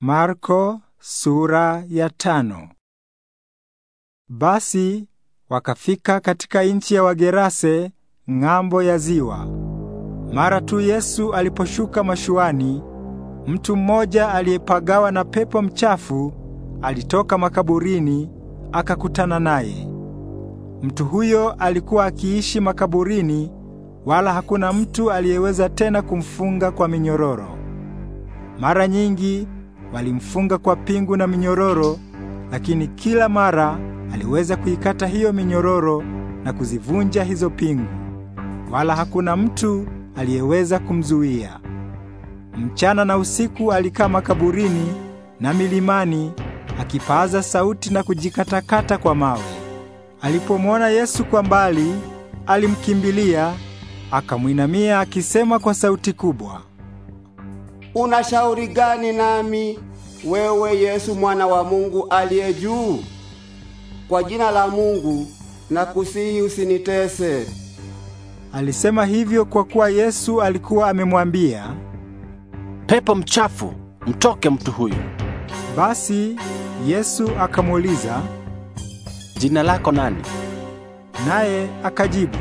Marko sura ya tano. Basi wakafika katika nchi ya Wagerase ng'ambo ya ziwa. Mara tu Yesu aliposhuka mashuani, mtu mmoja aliyepagawa na pepo mchafu alitoka makaburini akakutana naye. Mtu huyo alikuwa akiishi makaburini, wala hakuna mtu aliyeweza tena kumfunga kwa minyororo. Mara nyingi walimfunga kwa pingu na minyororo, lakini kila mara aliweza kuikata hiyo minyororo na kuzivunja hizo pingu, wala hakuna mtu aliyeweza kumzuia. Mchana na usiku alikaa makaburini na milimani akipaaza sauti na kujikatakata kwa mawe. Alipomwona Yesu kwa mbali, alimkimbilia akamwinamia akisema kwa sauti kubwa, una shauri gani nami wewe Yesu mwana wa Mungu aliye juu? Kwa jina la Mungu nakusihi usinitese. Alisema hivyo kwa kuwa Yesu alikuwa amemwambia, pepo mchafu mtoke mtu huyu. Basi Yesu akamuuliza, jina lako nani? Naye akajibu,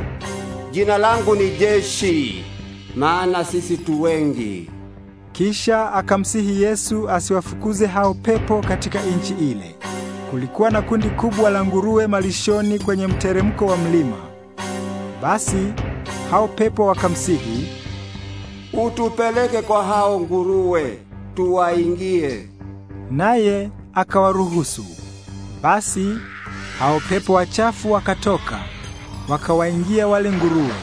jina langu ni Jeshi, maana sisi tu wengi. Kisha akamsihi Yesu asiwafukuze hao pepo katika nchi ile. Kulikuwa na kundi kubwa la nguruwe malishoni kwenye mteremko wa mlima. Basi hao pepo wakamsihi, utupeleke kwa hao nguruwe tuwaingie. Naye akawaruhusu. Basi hao pepo wachafu wakatoka wakawaingia wale nguruwe,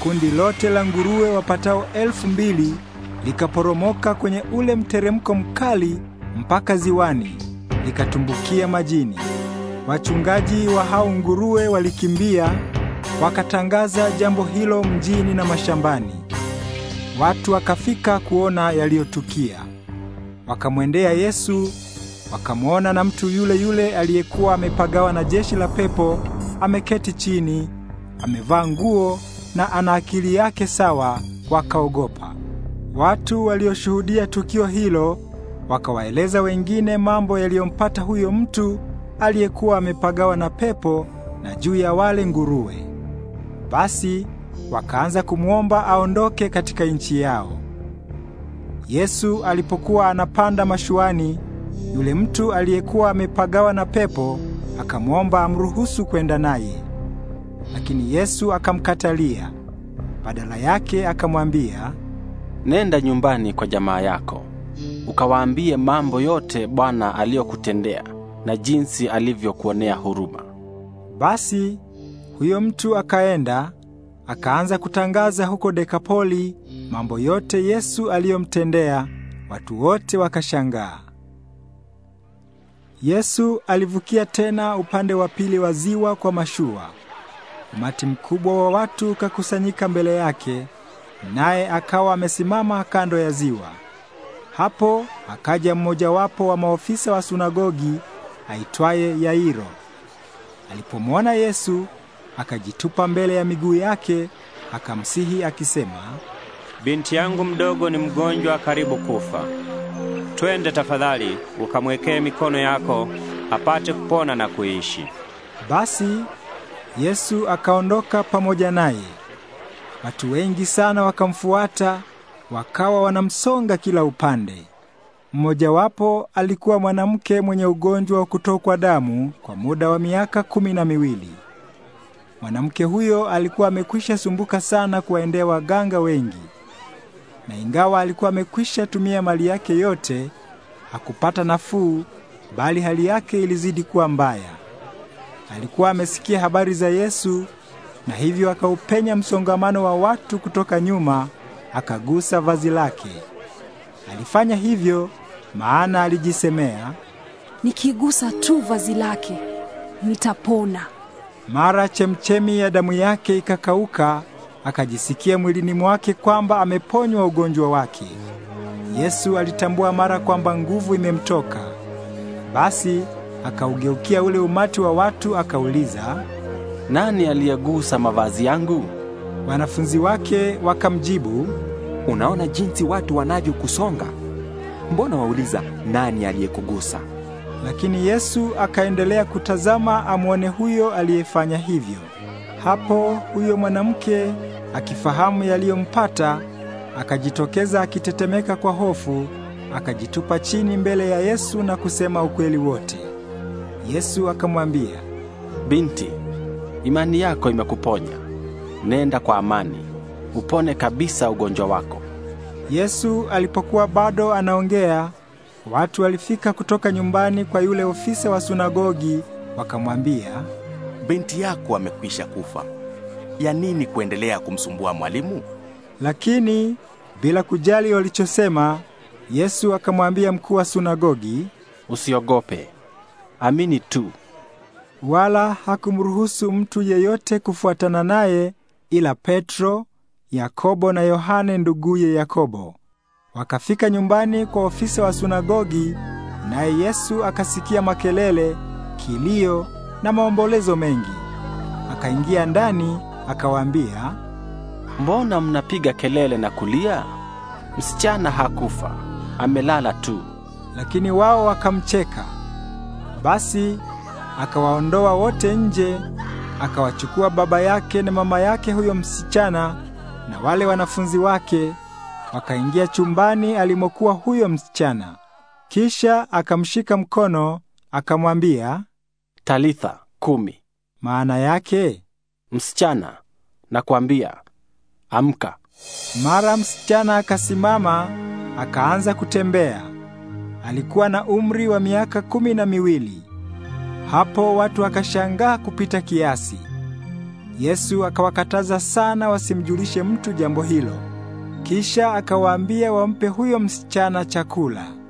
kundi lote la nguruwe wapatao elfu mbili likaporomoka kwenye ule mteremko mkali mpaka ziwani, likatumbukia majini. Wachungaji wa hao nguruwe walikimbia wakatangaza jambo hilo mjini na mashambani. Watu wakafika kuona yaliyotukia, wakamwendea Yesu, wakamwona na mtu yule yule aliyekuwa amepagawa na jeshi la pepo ameketi chini, amevaa nguo na ana akili yake sawa, wakaogopa. Watu walioshuhudia tukio hilo wakawaeleza wengine mambo yaliyompata huyo mtu aliyekuwa amepagawa na pepo na juu ya wale nguruwe. Basi wakaanza kumwomba aondoke katika nchi yao. Yesu alipokuwa anapanda mashuani, yule mtu aliyekuwa amepagawa na pepo akamwomba amruhusu kwenda naye, lakini Yesu akamkatalia. Badala yake akamwambia, Nenda nyumbani kwa jamaa yako, ukawaambie mambo yote Bwana aliyokutendea na jinsi alivyokuonea huruma. Basi huyo mtu akaenda akaanza kutangaza huko Dekapoli mambo yote Yesu aliyomtendea. Watu wote wakashangaa. Yesu alivukia tena upande wa pili wa ziwa kwa mashua. Umati mkubwa wa watu ukakusanyika mbele yake naye akawa amesimama kando ya ziwa. Hapo akaja mmojawapo wa maofisa wa sunagogi aitwaye Yairo. Alipomwona Yesu, akajitupa mbele ya miguu yake, akamsihi akisema, binti yangu mdogo ni mgonjwa karibu kufa. Twende tafadhali ukamwekee mikono yako apate kupona na kuishi. Basi Yesu akaondoka pamoja naye. Watu wengi sana wakamfuata, wakawa wanamsonga kila upande. Mmojawapo alikuwa mwanamke mwenye ugonjwa wa kutokwa damu kwa muda wa miaka kumi na miwili. Mwanamke huyo alikuwa amekwisha sumbuka sana kuwaendea waganga wengi, na ingawa alikuwa amekwisha tumia mali yake yote, hakupata nafuu, bali hali yake ilizidi kuwa mbaya. Alikuwa amesikia habari za Yesu na hivyo akaupenya msongamano wa watu kutoka nyuma, akagusa vazi lake. Alifanya hivyo maana alijisemea, nikigusa tu vazi lake nitapona. Mara chemchemi ya damu yake ikakauka, akajisikia mwilini mwake kwamba ameponywa ugonjwa wake. Yesu alitambua mara kwamba nguvu imemtoka. Basi akaugeukia ule umati wa watu akauliza, nani aliyegusa mavazi yangu? Wanafunzi wake wakamjibu, unaona jinsi watu wanavyokusonga, mbona wauliza nani aliyekugusa? Lakini Yesu akaendelea kutazama amwone huyo aliyefanya hivyo. Hapo huyo mwanamke akifahamu yaliyompata, akajitokeza akitetemeka kwa hofu, akajitupa chini mbele ya Yesu na kusema ukweli wote. Yesu akamwambia, binti imani yako imekuponya, nenda kwa amani, upone kabisa ugonjwa wako. Yesu alipokuwa bado anaongea, watu walifika kutoka nyumbani kwa yule ofisa wa sunagogi, wakamwambia, binti yako amekwisha kufa, ya nini kuendelea kumsumbua mwalimu? Lakini bila kujali walichosema, Yesu akamwambia mkuu wa sunagogi, usiogope, amini tu wala hakumruhusu mtu yeyote kufuatana naye ila Petro, Yakobo na Yohane nduguye Yakobo. Wakafika nyumbani kwa ofisa wa sunagogi, naye Yesu akasikia makelele, kilio na maombolezo mengi. Akaingia ndani akawaambia, mbona mnapiga kelele na kulia? Msichana hakufa, amelala tu. Lakini wao wakamcheka. Basi akawaondoa wote nje, akawachukua baba yake na mama yake huyo msichana na wale wanafunzi wake, wakaingia chumbani alimokuwa huyo msichana. Kisha akamshika mkono akamwambia, Talitha kumi, maana yake msichana, nakwambia amka. Mara msichana akasimama akaanza kutembea. Alikuwa na umri wa miaka kumi na miwili. Hapo watu wakashangaa kupita kiasi. Yesu akawakataza sana wasimjulishe mtu jambo hilo. Kisha akawaambia wampe huyo msichana chakula.